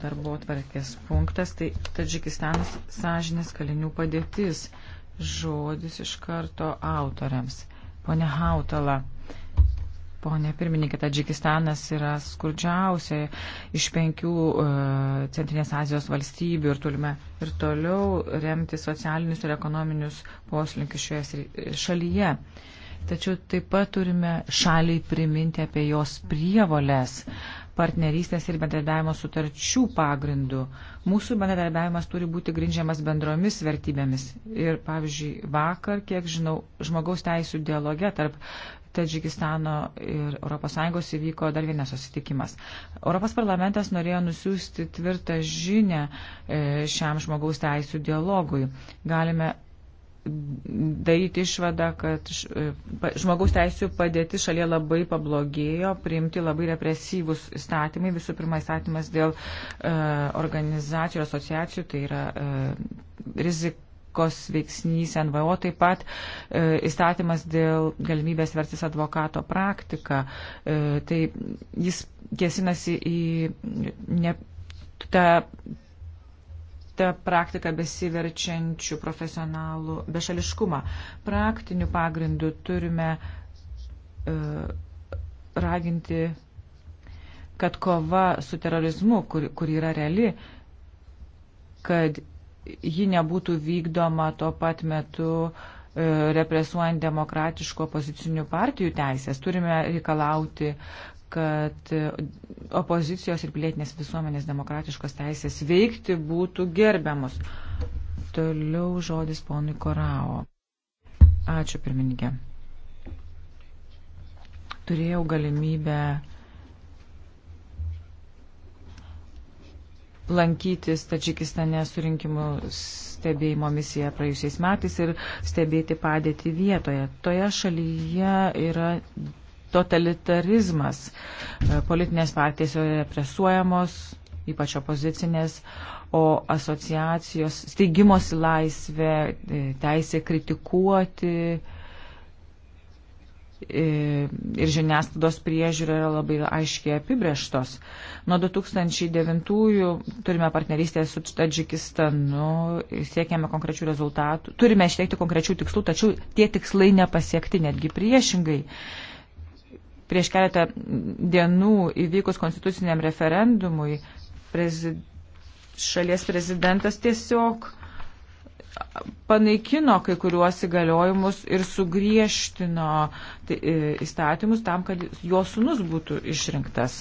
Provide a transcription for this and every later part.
darbo tvarkės punktas, tai Tadžikistanas sąžinės kalinių padėtis. Žodis iš karto autoriams. Pone Hautala. Pone pirmininkė, Tadžikistanas yra skurdžiausia iš penkių e, Centrinės Azijos valstybių ir turime ir toliau remti socialinius ir ekonominius poslinkius šioje šalyje. Tačiau taip pat turime šaliai priminti apie jos prievolės. E, partnerystės ir bendradarbiavimo sutarčių pagrindų. Mūsų bendradarbiavimas turi būti grindžiamas bendromis vertybėmis. Ir, pavyzdžiui, vakar, kiek žinau, žmogaus teisų dialoge tarp Tadžikistano ir ES įvyko dar vienas susitikimas. Europos parlamentas norėjo nusiųsti tvirtą žinę e, šiam žmogaus teisų dialogui. Galime daryti išvadą, kad e, žmogaus teisų padėti šalyje labai pablogėjo, priimti labai represyvus įstatymai. Visų pirma, įstatymas dėl e, organizacijų ir asociacijų, tai yra e, rizikos veiksnys NVO, taip pat e, įstatymas dėl galimybės vertis advokato praktiką. E, tai jis kėsinasi į ne, tą tą praktiką besiverčiančių profesionalų bešališkumą. Praktiniu pagrindu turime uh, raginti, kad kova su terorizmu, kur, kur yra reali, kad ji nebūtų vykdoma tuo pat metu uh, E, represuojant demokratiškų opozicinių partijų teisės. Turime reikalauti, kad e, opozicijos ir pilietinės visuomenės demokratiškos teisės veikti būtų gerbiamus. Toliau žodis ponui Korao. Ačiū pirmininkė. Turėjau galimybę lankytis Tadžikistane surinkimų stebėjimo misiją praėjusiais metais ir stebėti padėtį vietoje. Toje šalyje yra totalitarizmas. Politinės partijos yra represuojamos, ypač opozicinės, o asociacijos steigimosi laisvė, e, teisė kritikuoti E, ir žiniasklaidos priežiūra yra labai aiškiai apibrieštos. Nuo 2009-ųjų turime partnerystę su Tadžikistanu, siekiame konkrečių rezultatų, turime išteikti konkrečių tikslų, tačiau tie tikslai nepasiekti, netgi priešingai. Prieš keletą dienų įvykus konstituciniam referendumui prezi šalies prezidentas tiesiog panaikino kai kuriuos įgaliojimus ir sugriežtino tai, e, įstatymus tam, kad jo sunus būtų išrinktas.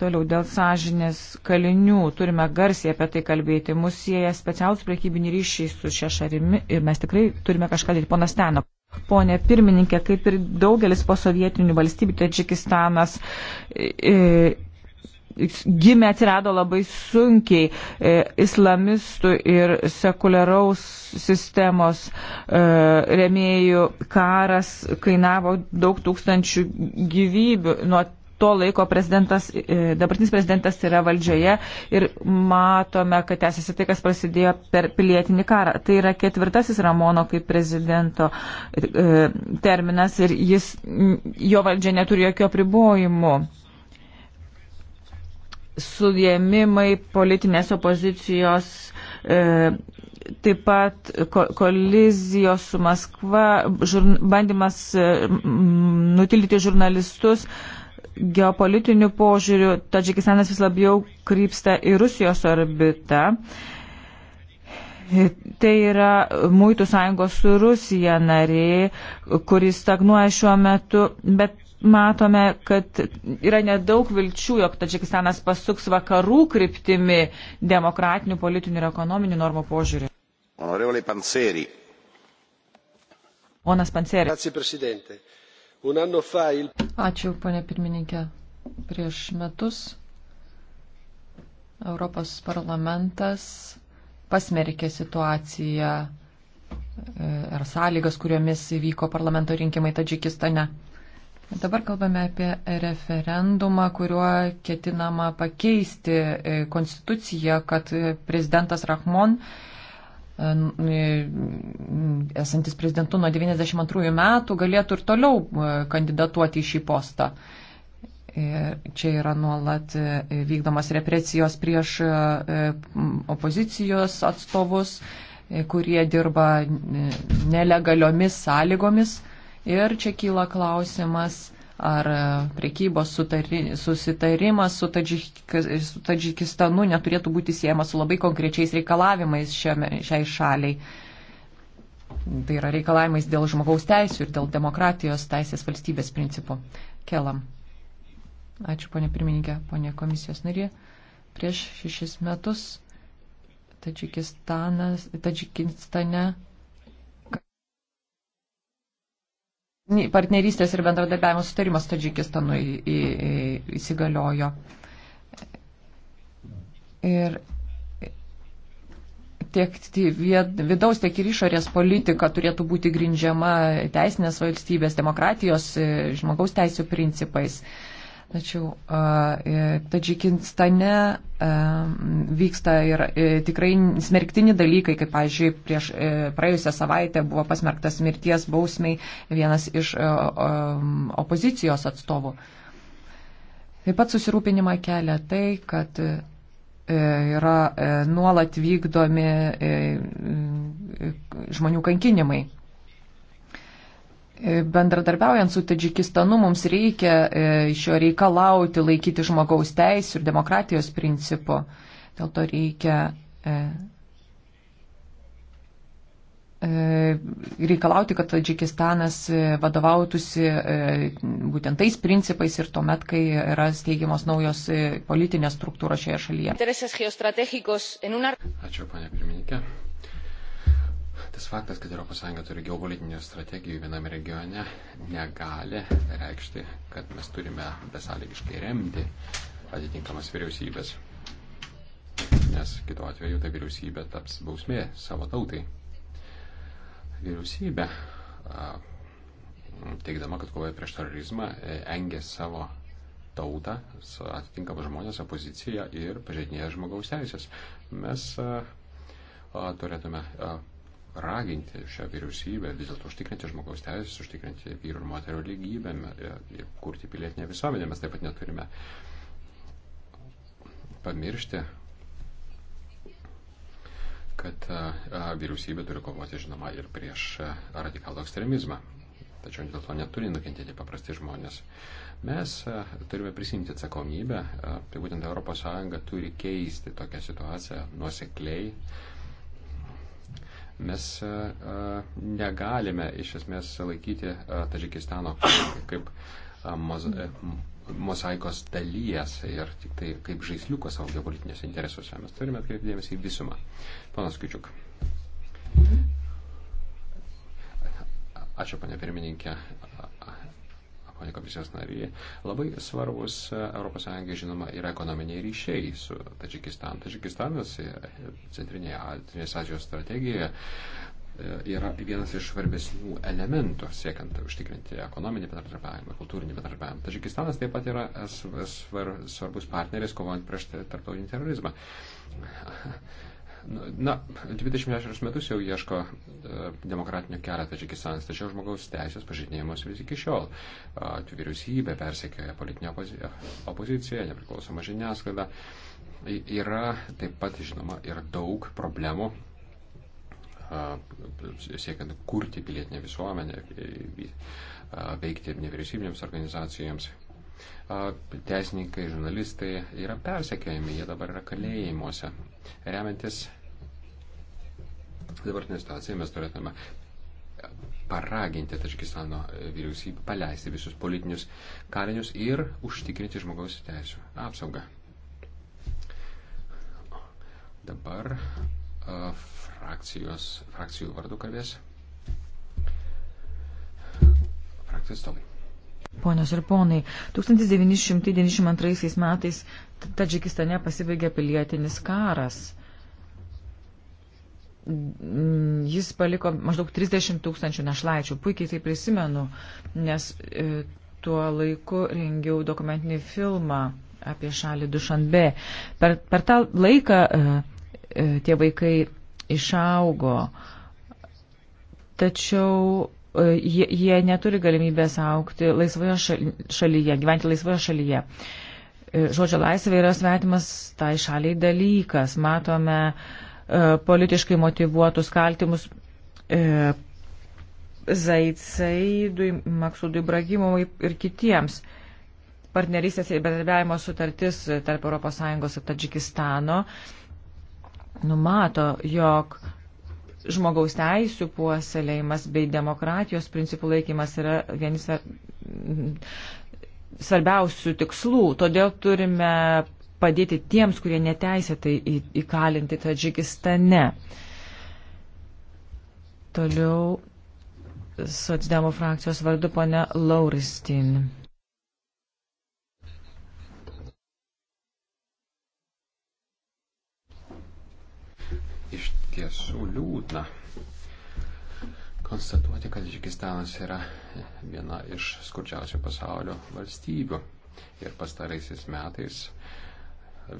Toliau dėl sąžinės kalinių turime garsiai apie tai kalbėti. Mūsų sieja specialus priekybiniai ryšiai su šia šarimi ir mes tikrai turime kažką daryti. Ponas Teno. Pone pirmininkė, kaip ir daugelis posovietinių valstybių, Tadžikistanas. E, gimė atsirado labai sunkiai e, islamistų ir sekuliaraus sistemos e, remėjų karas kainavo daug tūkstančių gyvybių. Nuo to laiko prezidentas, e, dabartinis prezidentas yra valdžioje ir matome, kad tęsiasi tai, kas prasidėjo per pilietinį karą. Tai yra ketvirtasis Ramono kaip prezidento e, terminas ir jis, jo valdžia neturi jokio pribojimų sujėmimai politinės opozicijos, e, taip pat ko, kolizijos su Maskva, žurn, bandymas e, m, nutilyti žurnalistus. Geopolitiniu požiūriu Tadžikistanas vis labiau krypsta į Rusijos orbitą. Tai yra Muitų sąjungos su Rusija narė, kuris stagnuoja šiuo metu, bet matome, kad yra nedaug vilčių, jog Tadžikistanas pasuks vakarų kryptimi demokratinių, politinių ir ekonominių normų požiūrį. Honorevole Panseri. Ponas Panseri. Ačiū, ponė pirmininkė. Prieš metus Europos parlamentas pasmerkė situaciją ir e, sąlygas, kuriomis vyko parlamento rinkimai Tadžikistane. Dabar kalbame apie referendumą, kuriuo ketinama pakeisti e, konstituciją, kad e, prezidentas Rahmon, e, esantis prezidentu nuo 92 metų, galėtų ir toliau kandidatuoti į šį postą. Ir čia yra nuolat vykdomas represijos prieš opozicijos atstovus, kurie dirba nelegaliomis sąlygomis Ir čia kyla klausimas, ar prekybos sutari, susitarimas su, Tadžik, su Tadžikistanu neturėtų būti siejamas su labai konkrečiais reikalavimais šiame, šiai šaliai. Tai yra reikalavimais dėl žmogaus teisų ir dėl demokratijos teisės valstybės principų. Kelam. Ačiū, ponė pirmininkė, ponė komisijos narė. Prieš šešis metus Tadžikistane partnerystės ir bendradarbiavimo sutarimas Tadžikistanu įsigaliojo. Ir tiek vidaus, tiek ir išorės politika turėtų būti grindžiama teisinės valstybės, demokratijos, žmogaus teisų principais. Tačiau e, Tadžikistane vyksta ir e, tikrai smerktini dalykai, kaip, pavyzdžiui, prieš e, praėjusią savaitę buvo pasmerktas mirties bausmiai vienas iš opozicijos atstovų. Taip pat susirūpinimą kelia tai, kad yra nuolat vykdomi žmonių kankinimai. Bendradarbiaujant su Tadžikistanu mums reikia e, iš jo reikalauti laikyti žmogaus teisų ir demokratijos principų. Dėl to reikia e, e, reikalauti, kad Tadžikistanas vadovautųsi būtent tais principais ir tuomet, kai yra steigiamos naujos politinės struktūros šioje šalyje. Ačiū, panė pirmininkė. Tas faktas, kad ES turi geopolitinių strategijų viename regione, negali reikšti, kad mes turime besąlygiškai remti atitinkamas vyriausybės. Nes kitu atveju ta vyriausybė taps bausmė savo tautai. Vyriausybė, teikdama, kad kovoja prieš terorizmą, e, engė savo tautą, atitinkamą žmonės, opoziciją ir pažeidinėja žmogaus teisės. Mes a, a, turėtume a, raginti šią vyriausybę vis dėlto užtikrinti žmogaus teisės, užtikrinti vyrų ir moterų lygybę ir kurti pilietinę visuomenę. Mes taip pat neturime pamiršti, kad vyriausybė turi kovoti, žinoma, ir prieš radikalų ekstremizmą. Tačiau dėl to neturi nukentėti paprasti žmonės. Mes turime prisimti atsakomybę, tai būtent ES turi keisti tokią situaciją nuosekliai Mes e, e, negalime iš esmės laikyti e, Tadžikistano kaip mozaikos dalies ir tik tai kaip žaisliukas savo geopolitinėse interesuose. Mes turime atkreipti dėmesį į visumą. Panas Kiučiuk. Ačiū, panė pirmininkė ponė komisijos narė, labai svarbus ES žinoma yra ekonominiai ryšiai su Tadžikistanu. Tadžikistanas e, Centrinėje Azijos, Azijos strategijoje e, yra vienas iš svarbesnių elementų siekiant užtikrinti ekonominį bendradarbiavimą, kultūrinį bendradarbiavimą. Tadžikistanas taip pat yra svar, svarbus partneris kovojant prieš tarptautinį terorizmą. Na, 26 metus jau ieško e, demokratinio kelio Tadžikistanas, tačiau žmogaus teisės pažydinėjimas vis iki šiol. Tai vyriausybė persekioja politinę opoziciją, nepriklausomą žiniasklaidą. Yra taip pat, žinoma, ir daug problemų siekiant kurti pilietinę visuomenę, veikti nevyriausybinėms organizacijoms teisininkai, žurnalistai yra persekiojami, jie dabar yra kalėjimuose. Remiantis dabartinė situacija, mes turėtume paraginti Tačikistano vyriausybę paleisti visus politinius kalinius ir užtikrinti žmogaus teisų apsaugą. Dabar uh, frakcijos, frakcijų vardu kalbės. Frakcijos stovai. Ponios ir ponai, 1992 metais Tadžikistane pasibaigė pilietinis karas. Mm, jis paliko maždaug 30 tūkstančių našlaičių. Puikiai tai prisimenu, nes e, tuo laiku rengiau dokumentinį filmą apie šalį Dušanbe. Per, per tą laiką e, e, tie vaikai išaugo, tačiau E, jie, jie neturi galimybės aukti laisvoje šalyje, gyventi laisvoje šalyje. E, žodžio laisvė yra svetimas tai šaliai dalykas. Matome e, politiškai motivuotus kaltimus Zaicaidui, Maksudui Bragimovui ir kitiems. Partnerystės ir bendradarbiavimo sutartis tarp ES ir Tadžikistano numato, jog žmogaus teisų puoselėjimas bei demokratijos principų laikymas yra vienis svarbiausių tikslų. Todėl turime padėti tiems, kurie neteisėtai įkalinti Tadžikistane. Toliau socdemo frakcijos vardu ponia Lauristin. tiesų liūdna konstatuoti, kad Žygistanas yra viena iš skurdžiausių pasaulio valstybių. Ir pastaraisiais metais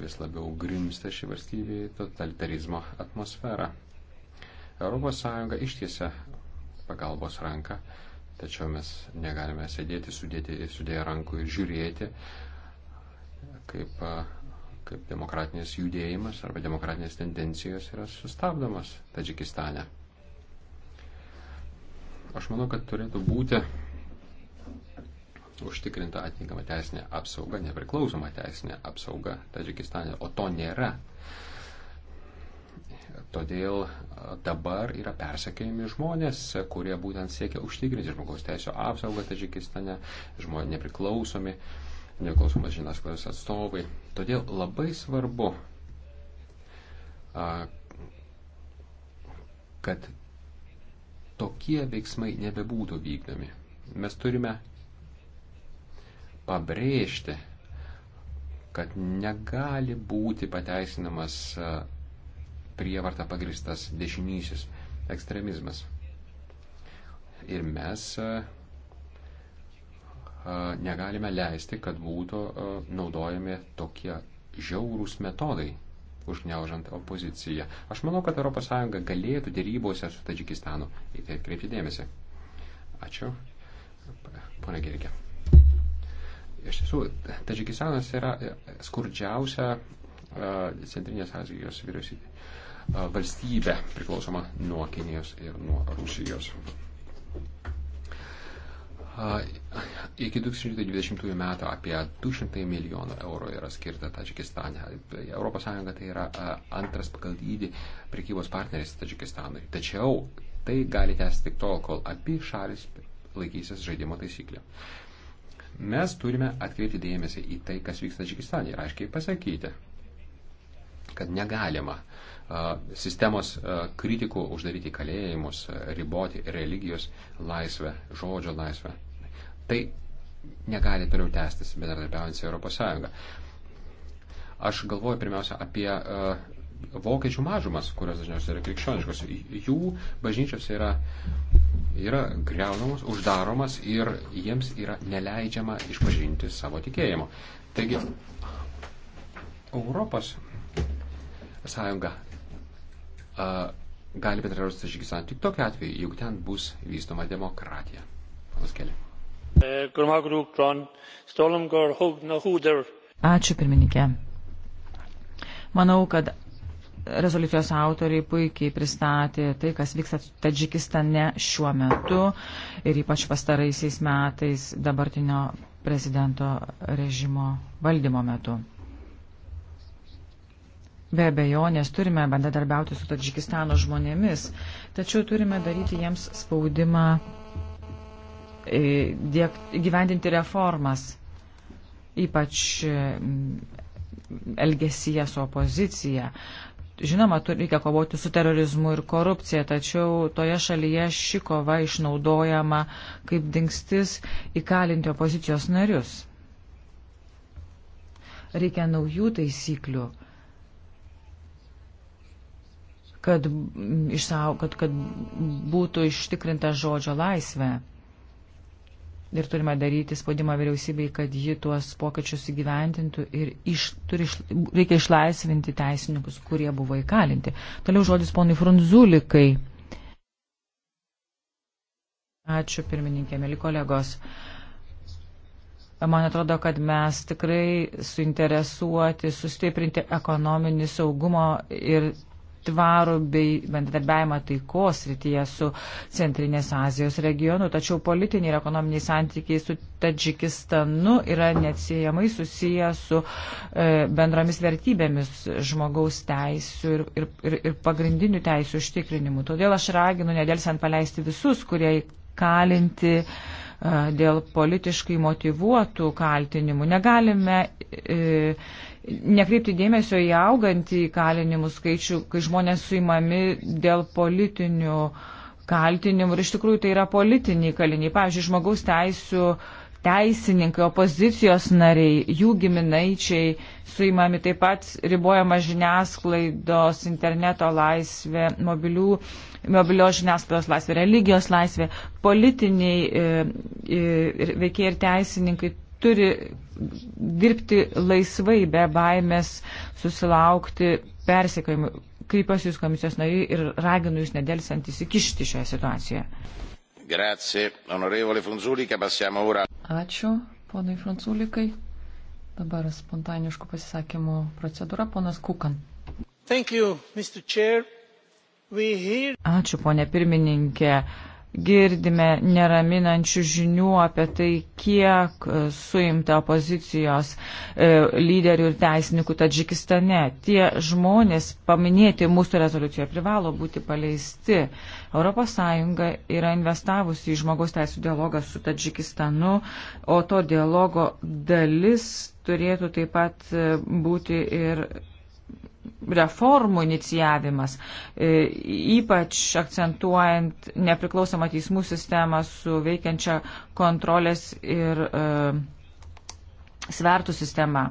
vis labiau grimsta šį valstybį totalitarizmo atmosferą. ES ištiesia pagalbos ranką, tačiau mes negalime sėdėti, sudėti, sudėję rankų ir žiūrėti, kaip kaip demokratinis judėjimas arba demokratinės tendencijos yra sustabdomas Tadžikistane. Aš manau, kad turėtų būti užtikrinta atitinkama teisinė apsauga, nepriklausoma teisinė apsauga Tadžikistane, o to nėra. Todėl dabar yra persekėjami žmonės, kurie būtent siekia užtikrinti žmogaus teisų apsaugą Tadžikistane, žmonės nepriklausomi. Uh, neklausomos žiniasklaidos atstovai. Todėl labai svarbu, kad tokie veiksmai nebebūtų vykdomi. Mes turime pabrėžti, kad negali būti pateisinamas prievarta pagristas dešinysis ekstremizmas. Ir mes negalime leisti, kad būtų naudojami tokie žiaurūs metodai užgneužant opoziciją. Aš manau, kad ES galėtų dėrybose su Tadžikistanu į tai atkreipti dėmesį. Ačiū. Pone Gerikė. Iš tiesų, Tadžikistanas yra skurdžiausia Centrinės Azijos vyriausybė valstybė priklausoma nuo Kinijos ir nuo Rusijos. Iki 2020 metų apie 200 milijonų eurų yra skirta Tadžikistane. ES tai yra antras pagal dydį prekybos partneris Tadžikistanui. Tačiau tai gali tęsti tik tol, kol abi šalis laikysis žaidimo taisyklių. Mes turime atkreipti dėmesį į tai, kas vyksta Tadžikistane ir aiškiai pasakyti, kad negalima sistemos kritikų uždaryti kalėjimus, riboti religijos laisvę, žodžio laisvę. Tai negali toliau tęstis bendradarbiaujant su ES. Aš galvoju pirmiausia apie uh, vokiečių mažumas, kurios dažniausiai yra krikščioniškos. Jų bažnyčios yra, yra greunamos, uždaromas ir jiems yra neleidžiama išpažinti savo tikėjimo. Taigi, Europos sąjunga gali Belarusas išgyventi tik tokiu atveju, jeigu ten bus vystoma demokratija. Panas Keli. Ačiū pirmininkė. Manau, kad rezoliucijos autoriai puikiai pristatė tai, kas vyksta Tadžikistane šiuo metu ir ypač pastaraisiais metais dabartinio prezidento režimo valdymo metu. Be abejonės turime bendradarbiauti su Tadžikistano žmonėmis, tačiau turime daryti jiems spaudimą e, gyvendinti reformas, ypač elgesyje su opozicija. Žinoma, reikia kovoti su terorizmu ir korupcija, tačiau toje šalyje ši kova išnaudojama kaip dingstis įkalinti opozicijos narius. Reikia naujų taisyklių kad, išsaugot, kad būtų ištikrinta žodžio laisvė. Ir turime daryti spaudimą vyriausybei, kad ji tuos pokyčius įgyvendintų ir iš, turi, iš, reikia išlaisvinti teisininkus, kurie buvo įkalinti. Toliau žodis ponui Frunzulikai. Ačiū pirmininkė, mėly kolegos. Man atrodo, kad mes tikrai suinteresuoti sustiprinti ekonominį saugumo ir tvarų bei bendradarbiavimą taikos rytyje su Centrinės Azijos regionu, tačiau politiniai ir ekonominiai santykiai su Tadžikistanu yra neatsiejamai susiję su e, bendromis vertybėmis žmogaus teisų ir, ir, ir, ir pagrindinių teisų užtikrinimu. Todėl aš raginu nedėlsiant paleisti visus, kurie kalinti e, dėl politiškai motivuotų kaltinimų. Negalime e, nekreipti dėmesio į augantį kalinimų skaičių, kai žmonės suimami dėl politinių kaltinimų. Ir iš tikrųjų tai yra politiniai kaliniai. Pavyzdžiui, žmogaus teisų teisininkai, opozicijos nariai, jų giminaičiai suimami taip pat ribojama žiniasklaidos, interneto laisvė, mobilių, mobilios žiniasklaidos laisvė, religijos laisvė, politiniai e, e, veikiai ir teisininkai turi dirbti laisvai be baimės susilaukti persikojimų. Kreipiuosi Jūs komisijos nariai ir raginu Jūs nedelsant įsikišti šioje situacijoje. Grazie, onorevole Frunzulika, passiamo ora. Ačiū, ponai Frunzulikai. Dabar spontaniškų pasisakymų procedūra, ponas Kukan. Thank you, Mr. Chair. We hear... Ačiū, ponė pirmininkė girdime neraminančių žinių apie tai, kiek e, suimta opozicijos e, lyderių ir teisininkų Tadžikistane. Tie žmonės paminėti mūsų rezoliucijoje privalo būti paleisti. ES yra investavusi į žmogaus teisų dialogą su Tadžikistanu, o to dialogo dalis turėtų taip pat e, būti ir reformų inicijavimas, e, ypač akcentuojant nepriklausomą teismų sistemą su veikiančia kontrolės ir e, svertų sistema.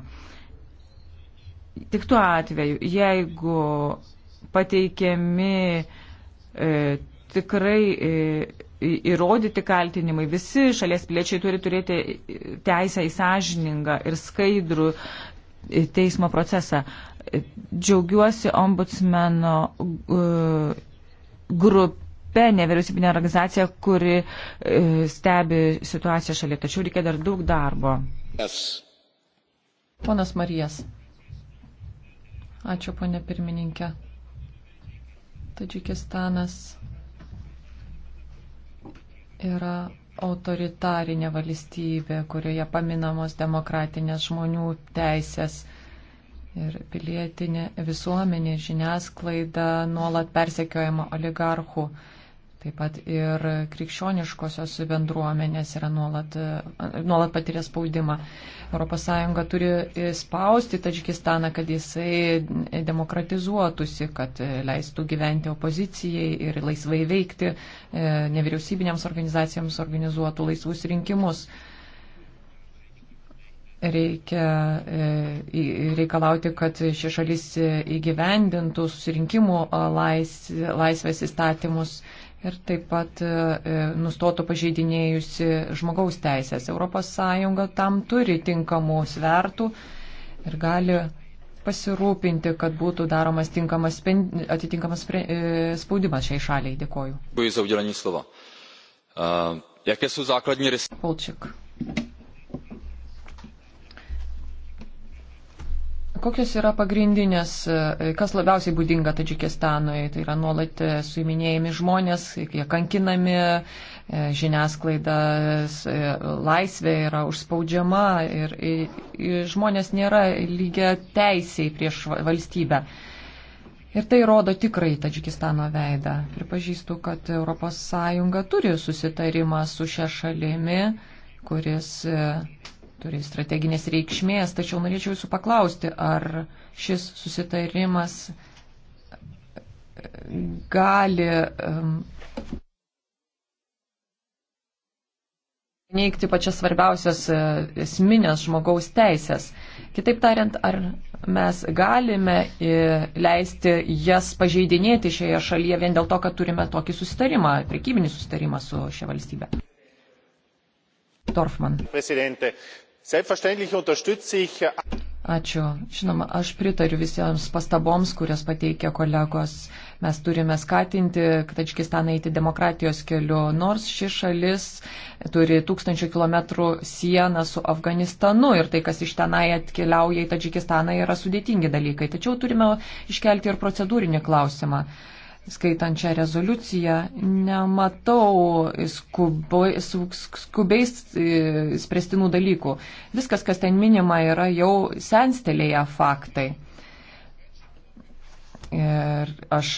Tik tuo atveju, jeigu pateikiami e, tikrai e, įrodyti kaltinimai. Visi šalies piliečiai turi turėti teisę į sąžiningą ir skaidrų e, teismo procesą. Džiaugiuosi ombudsmeno e, grupė, nevyriausybinė organizacija, kuri e, stebi situaciją šalia, tačiau reikia dar daug darbo. Yes. Ponas Marijas. Ačiū, ponė pirmininkė. Tadžikistanas yra autoritarinė valstybė, kurioje paminamos demokratinės žmonių teisės ir pilietinė visuomenė, žiniasklaida nuolat persekiojama oligarchų. Taip pat ir krikščioniškosios bendruomenės yra nuolat, nuolat patiria spaudimą. ES turi spausti Tadžikistaną, kad jisai demokratizuotųsi, kad leistų gyventi opozicijai ir laisvai veikti e, nevyriausybinėms organizacijoms organizuotų laisvus rinkimus reikia e, reikalauti, kad ši šalis įgyvendintų susirinkimų e, laisvės įstatymus ir taip pat e, nustotų pažeidinėjusi žmogaus teisės. ES tam turi tinkamų svertų ir gali pasirūpinti, kad būtų daromas tinkamas, atitinkamas spaudimas šiai šaliai. Dėkoju. Jakie su základní rysy? Polčik. Kokios yra pagrindinės, e, kas labiausiai būdinga Tadžikistanui? Tai yra nuolat e, suiminėjami žmonės, jie kankinami, e, žiniasklaida, laisvė yra užspaudžiama ir, ir žmonės nėra lygia teisiai prieš valstybę. Ir tai rodo tikrai Tadžikistano veidą. Pripažįstu, kad ES turi susitarimą su šia šalimi, kuris turi strateginės reikšmės, tačiau norėčiau jūsų paklausti, ar šis susitarimas e, gali neikti pačias svarbiausias e, esminės žmogaus teisės. Kitaip tariant, ar mes galime e, leisti jas pažeidinėti šioje šalyje vien dėl to, kad turime tokį susitarimą, prekybinį susitarimą su šia valstybe? Dorfman. Presidente, Äh, Ačiū. Žinoma, aš pritariu visiems pastaboms, kurias pateikė kolegos. Mes turime skatinti Tadžikistaną eiti demokratijos keliu, nors ši šalis turi tūkstančių kilometrų sieną su Afganistanu ir tai, kas iš tenai atkeliauja į Tadžikistaną, yra sudėtingi dalykai. Tačiau turime iškelti ir procedūrinį klausimą skaitančią rezoliuciją, nematau skubai, skubiais e, spręstinų dalykų. Viskas, kas ten minima, yra jau senstelėję faktai. Ir aš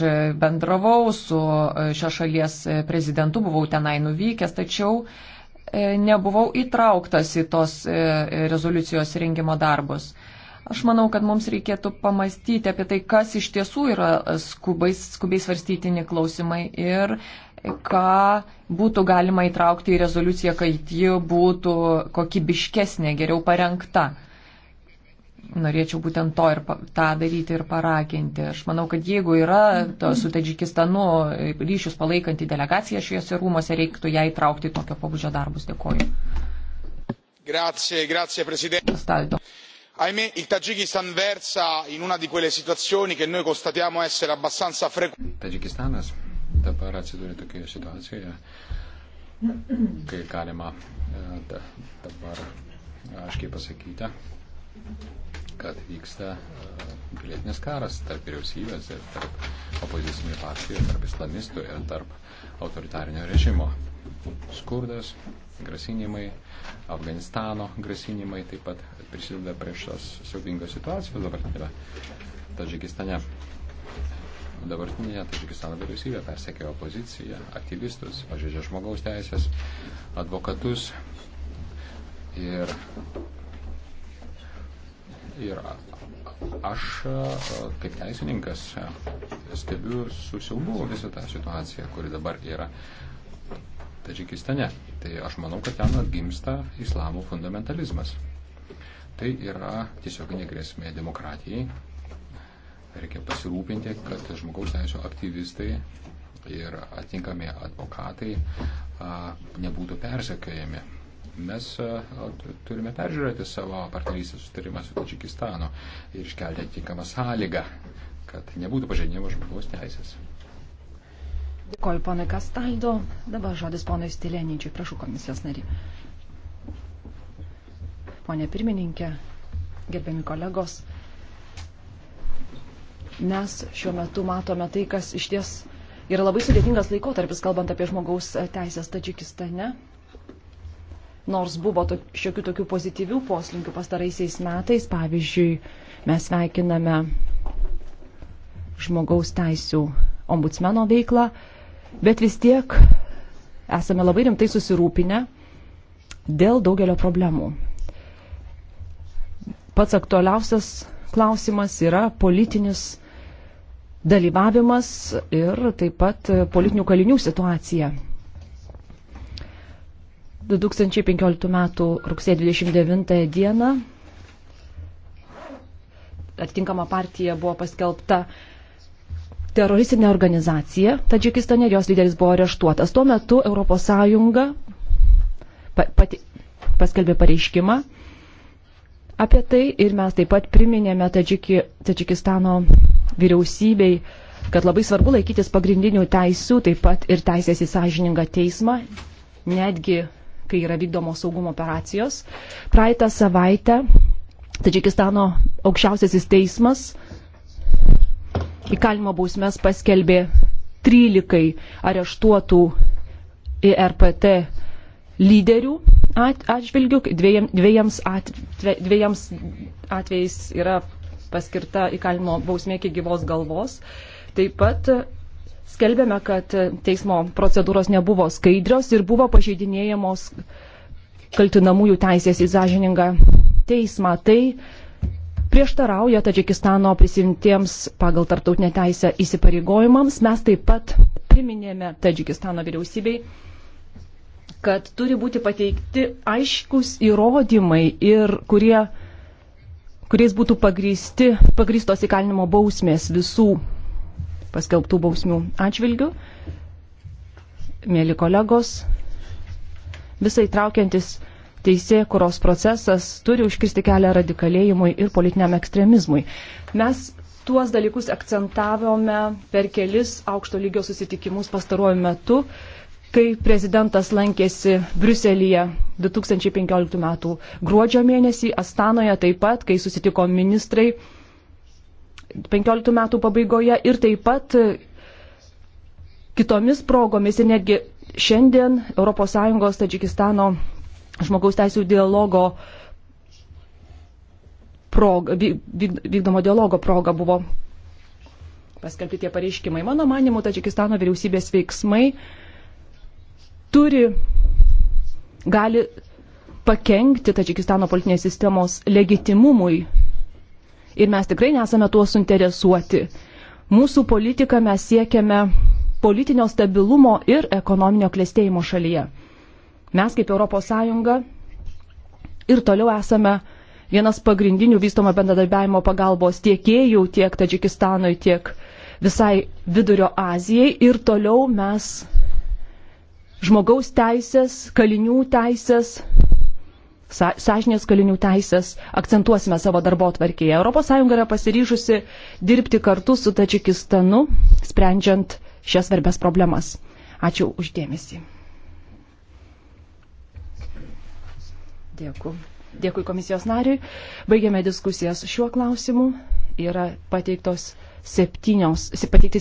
bendravau su šios šalies prezidentu, buvau tenai nuvykęs, tačiau e, nebuvau įtrauktas į tos e, rezoliucijos rengimo darbus. Aš manau, kad mums reikėtų pamastyti apie tai, kas iš tiesų yra e, skubai, skubiai svarstytini klausimai ir ką būtų galima įtraukti į rezoliuciją, kad ji būtų kokybiškesnė, geriau parengta. Norėčiau būtent to ir tą daryti ir paraginti. Aš manau, kad jeigu yra to, su Tadžikistanu ryšius palaikanti delegacija šiuose rūmose, reiktų ją įtraukti į tokio pabudžio darbus. Dėkuoju. Grazie, grazie, prezidente. Staldo ahimè il tagikistan versa in una di quelle situazioni che noi constatiamo essere abbastanza frequenti e, e, aiškiai pasakyta, kad vyksta e, pilietinis karas tarp vyriausybės ir tarp opozicinių partijų, tarp islamistų ir tarp autoritarinio režimo. Skurdas, grasinimai, Afganistano grasinimai taip pat prisideda prie šios siaubingos situacijos dabar yra Tadžikistane. Dabartinė Tadžikistano vyriausybė persekioja opoziciją, aktyvistus, pažeidžia žmogaus teisės, advokatus ir, ir aš kaip teisininkas stebiu su siaubu visą tą situaciją, kuri dabar yra Tadžikistane. Tai aš manau, kad ten atgimsta islamo fundamentalizmas. Tai yra tiesioginė grėsmė demokratijai. Reikia pasirūpinti, kad žmogaus teisų aktyvistai ir atinkami advokatai a, nebūtų persekiojami. Mes a, turime peržiūrėti savo partnerystės sustarimą su Tadžikistanu ir iškelti atitinkamą sąlygą, kad nebūtų pažeidinimo žmogaus teisės. Dėkoju ponui Kastaldo. Dabar žodis ponui Stilėnyčiui. Prašau komisijos nari. Pone pirmininkė, gerbiami kolegos, mes šiuo metu matome tai, kas iš ties yra labai sudėtingas laikotarpis, kalbant apie žmogaus teisės Tadžikistane. Nors buvo to, šiokių tokių pozityvių poslinkių pastaraisiais metais, pavyzdžiui, mes sveikiname žmogaus teisų ombudsmeno veiklą, bet vis tiek esame labai rimtai susirūpinę dėl daugelio problemų. Pats aktualiausias klausimas yra politinis dalyvavimas ir taip pat politinių kalinių situacija. 2015 m. rugsėjo 29 d. atitinkama partija buvo paskelbta uh, teroristinė organizacija Tadžikistane ir jos lyderis buvo areštuotas. Tuo metu ES pati, paskelbė pareiškimą apie tai ir mes taip pat priminėme Tadžiki, Tadžikistano vyriausybei, kad labai svarbu laikytis pagrindinių teisų, taip pat ir teisės į sąžiningą teismą, netgi kai yra vykdomos saugumo operacijos. Praeitą savaitę Tadžikistano aukščiausiasis teismas įkalimo bausmes paskelbė 13 areštuotų IRPT lyderių atžvilgių, dviejam, dviejams, atve, dviejams atvejais yra paskirta įkalimo bausmė iki gyvos galvos. Taip pat skelbėme, kad teismo procedūros nebuvo skaidrios ir buvo pažeidinėjamos kaltinamųjų teisės į sąžiningą teismą. Tai prieštarauja Tadžikistano prisimtiems pagal tartautinę teisę įsipareigojimams. Mes taip pat priminėme Tadžikistano vyriausybei, kad turi būti pateikti aiškus įrodymai ir kurie, kuriais būtų pagrysti, pagrystos įkalinimo bausmės visų paskelbtų bausmių atžvilgių. Mėly kolegos, visai traukiantis teisė, kurios procesas turi užkirsti kelią radikalėjimui ir politiniam ekstremizmui. Mes tuos dalykus akcentavome per kelis aukšto lygio susitikimus pastaruoju metu, kai prezidentas lankėsi Bruselėje 2015 m. gruodžio mėnesį, Astanoje taip pat, kai susitiko ministrai 2015 m. pabaigoje ir taip pat kitomis progomis ir netgi šiandien ES Tadžikistano žmogaus teisų dialogo proga, vykdomo dialogo proga buvo paskelbti tie pareiškimai. Mano manimu, Tadžikistano vyriausybės veiksmai turi, gali pakengti Tadžikistano politinės sistemos legitimumui. Ir mes tikrai nesame tuo suinteresuoti. Mūsų politiką mes siekiame politinio stabilumo ir ekonominio klėstėjimo šalyje. Mes kaip ES ir toliau esame vienas pagrindinių vystomo bendradarbiavimo pagalbos tiekėjų tiek Tadžikistanui, tiek visai Vidurio Azijai. Ir toliau mes žmogaus teisės, kalinių teisės, sąžinės kalinių teisės akcentuosime savo darbo tvarkėje. ES yra pasiryžusi dirbti kartu su Tadžikistanu, sprendžiant šias svarbės problemas. Ačiū uždėmesį. Dėkui. Dėkui komisijos nariui. Baigėme diskusijas šiuo klausimu. Yra pateiktos septynios, pateikti